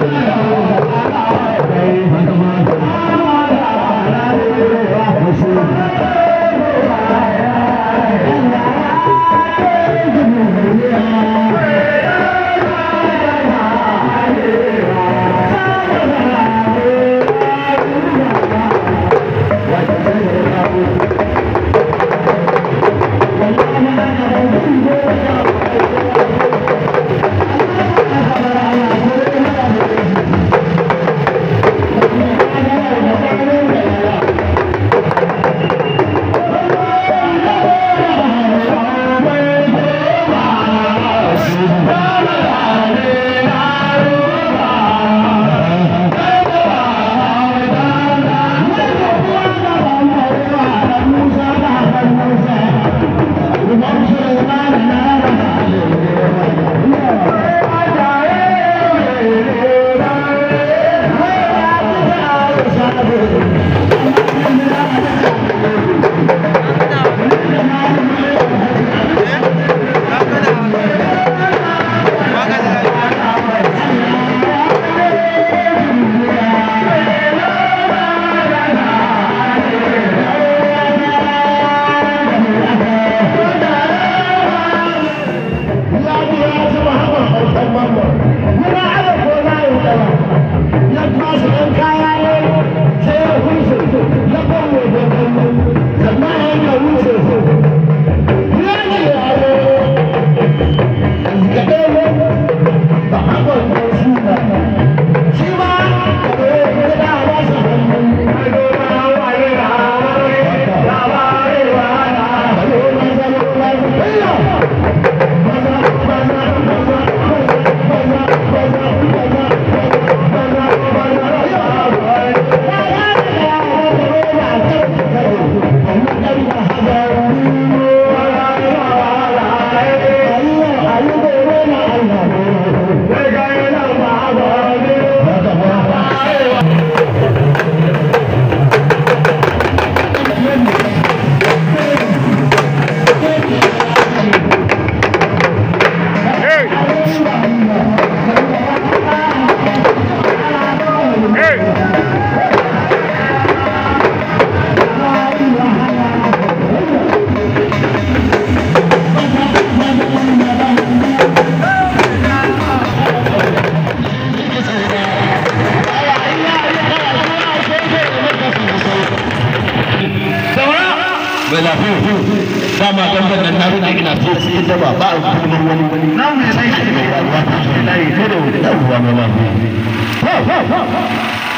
Obrigado.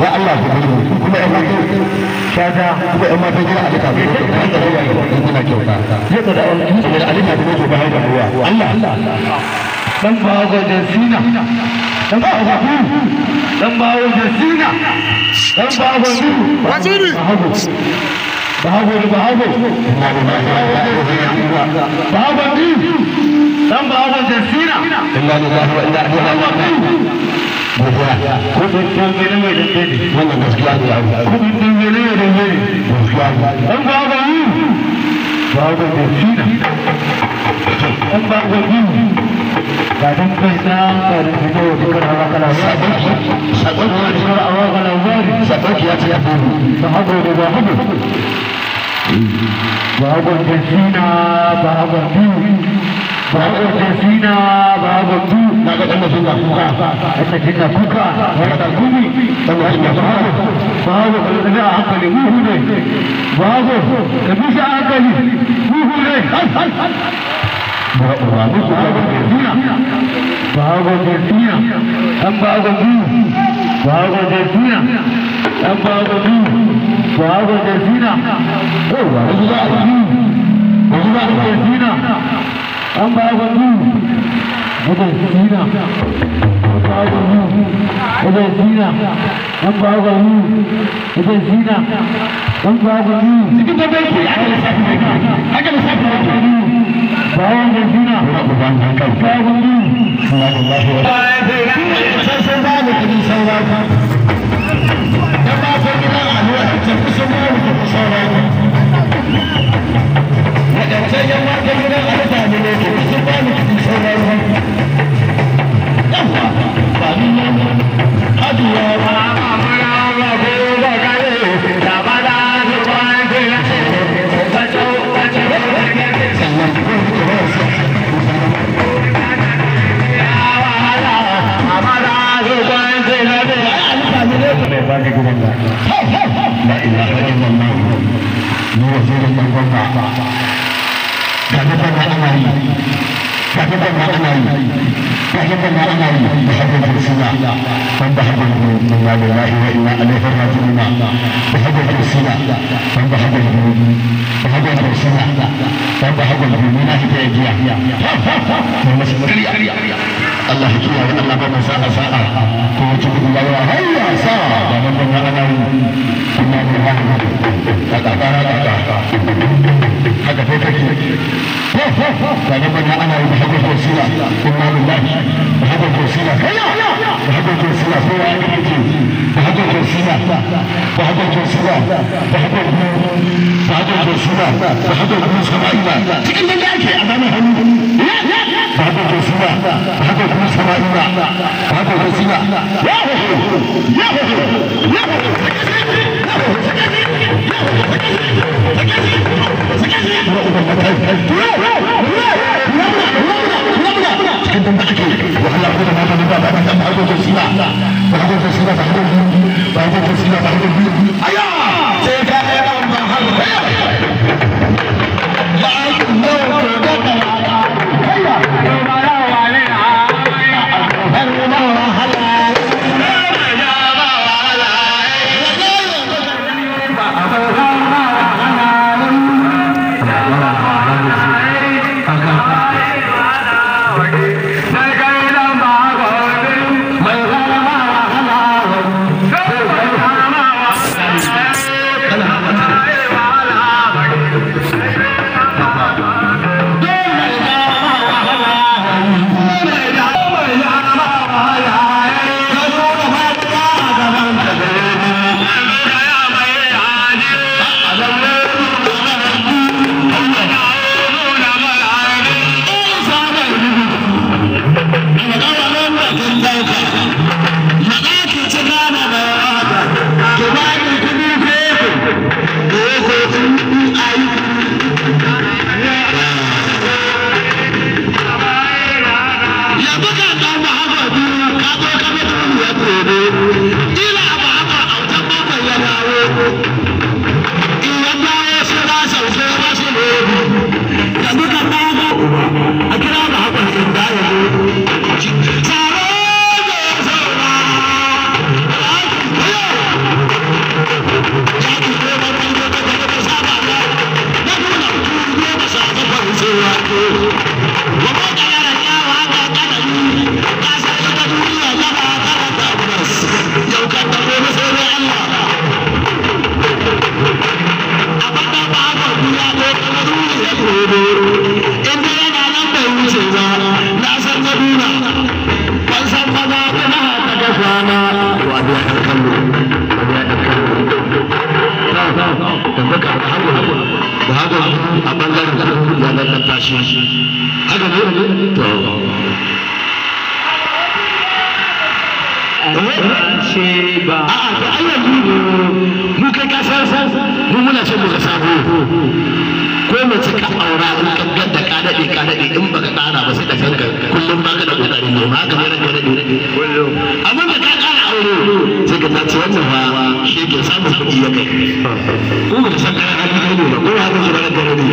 ya Allah ku bari kuma ɗan mata shata kuma ɗan mata gina alika ku ta da ruwa ku kuna kyauta ya da ɗan mata da alika ku ku ta da ruwa Allah dan bawo da sina dan bawo da dan bawo da sina dan bawo da waziri bahago da bahago bahago dan bawo da sina inna lillahi wa inna ilaihi kudin dangane mai dangane wannan gaskiya ne kudin babu sasina babu tu daga dan kuka wata kuka wata kumi. dan wani ya fara hankali muhu ne babu hankali muhu ne babu babu babu sasina babu sasina dan babu tu babu sasina dan babu an ba gwandu wajen sina an ba ba ba ba ba jerin bangon ba ga na bangon ana yi ga na bangon ana yi ga na bangon ana yi da haɗin kursuna ban da haɗin nuna da lahi wa ina alaikar rajulina da haɗin kursuna ban da haɗin da haɗin kursuna ban da haɗin nuna hikayar jiya. Allah kiyaye Allah ba mu sa'a sa'a to ci gudun da yawa hayya sa da nan ban ana yi kuma mu ba mu da ka ka da ka haka sai kake da nan ban ana yi haka ko sila ka mu ba haka ko sila hayya haka ko sila ko ya ka haka ko ka haka ko ka haka ko ka haka ko ka haka ko sila cikin ka yake a zaman haka ke siba haka kuma ke ko ko ko Pega ele ce ba a da ayyanzu mu kai kasar mu muna so mu ka sabo ko mace ka aura in ka gadda ka dade ka dade in baka tsara ba sai da kanka kullum baka da kokarin ne haka ne rage rage kullum amma ka kara aure sai ka tace wannan ba shi ke samun kuɗi ya kai ko ka san kana hali ne ko haka shi ba da rage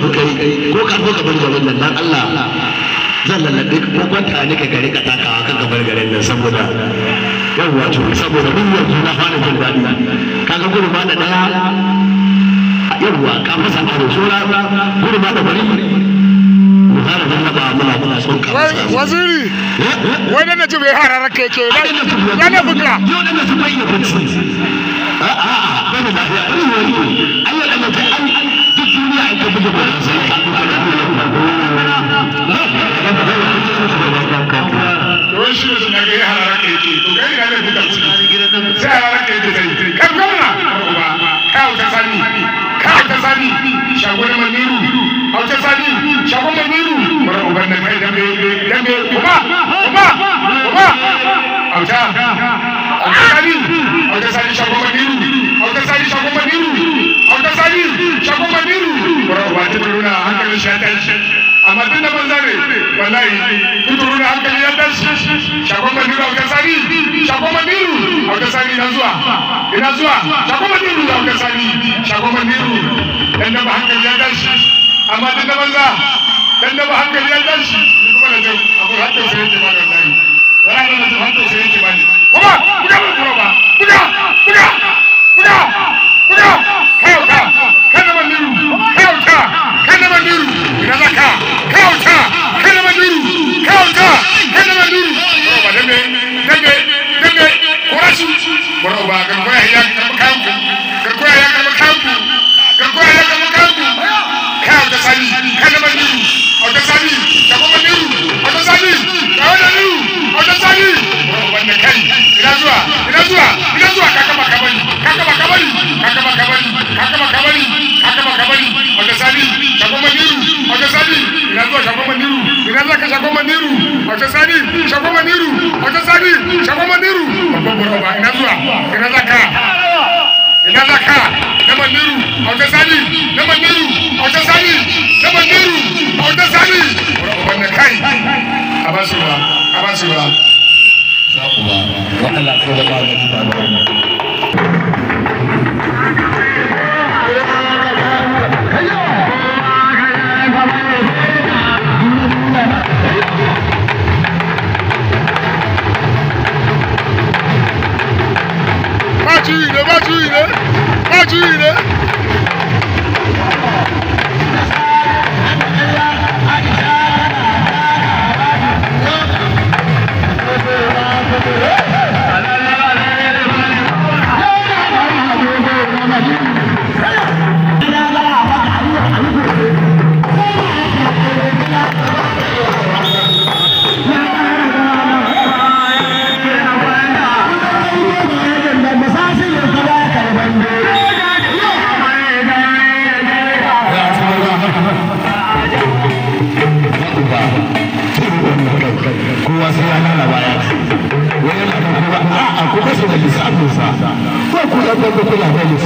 yanzu kai ko ka zo ka bar garin nan dan Allah zan lallabe ko kwanta ne ka gari ka takawa kan ka bar garin nan saboda yawwa to saboda mun yanzu na fara jin dadi kaga gudu ba da daya yawwa ka fasa so sura gudu ba da bari waziri eh, eh. wani na jibe hararraka yake ya ne buga auta auta sani auta sani shago maniru auta sani shago maniru auta sani shago maniru bura ba ta nuna hankalin shi ya tashi amma tun da banza ne wallahi kun turu da hankali ya tashi shago maniru auta sani shago maniru auta sani na zuwa ina zuwa shago maniru auta sani shago maniru dan da ba hankali ya tashi amma tun da banza dan da ba hankali ya tashi ni kuma da jin abu hatta sai ya wallahi da mutum hanzo sai yake bani kuma kuda mu kuro ba kuda kuda kuda kuda kai ka kai da maniru wace sani ina zuwa sani shagon maniru wace sani ka ka na sani na maniru wace na maniru wace sani kai a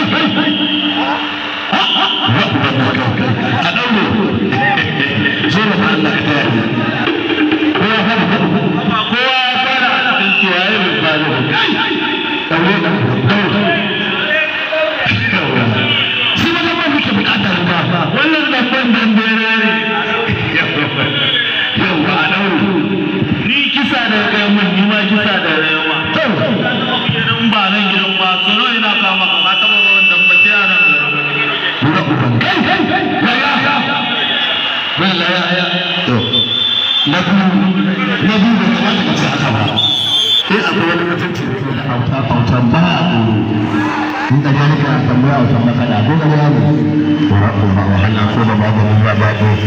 Ha ha ha ha! na biyu na biyu da kuma da mace aka ba sai akwai wani mutunci da ke da auta autan ba a tsoro in ka gani ka tambaya autan matsala ko ka gani ne wa rabu ma wahala ko ba babu mun ba babu ba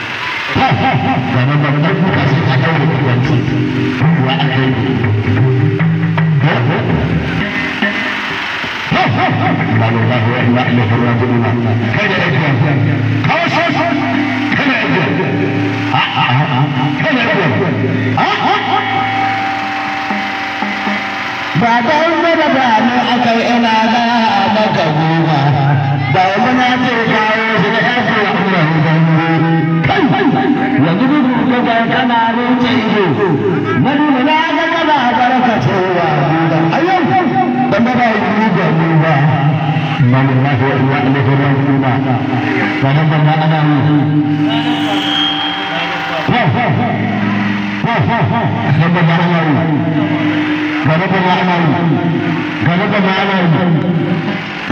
zama a kan rubuwanci ba da umma da ba ni akai ina da maka goma da na ce kawo yanzu gudu ka ga kana rinta ido ne. na ga kana baraka cewa ayyau ban da ba yi da ni ba inna lillahi wa inna ilaihi raji'un sanan ban da ana yi sanan ban da ana yi gaba da ana yi gaba da ana yi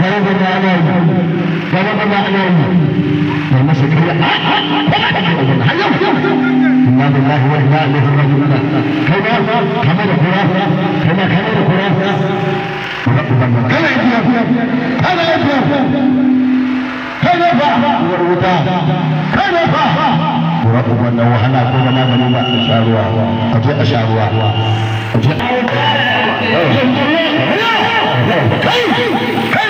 sarrafa da ana yi a a da kama na wahala ko ba a a a kai kai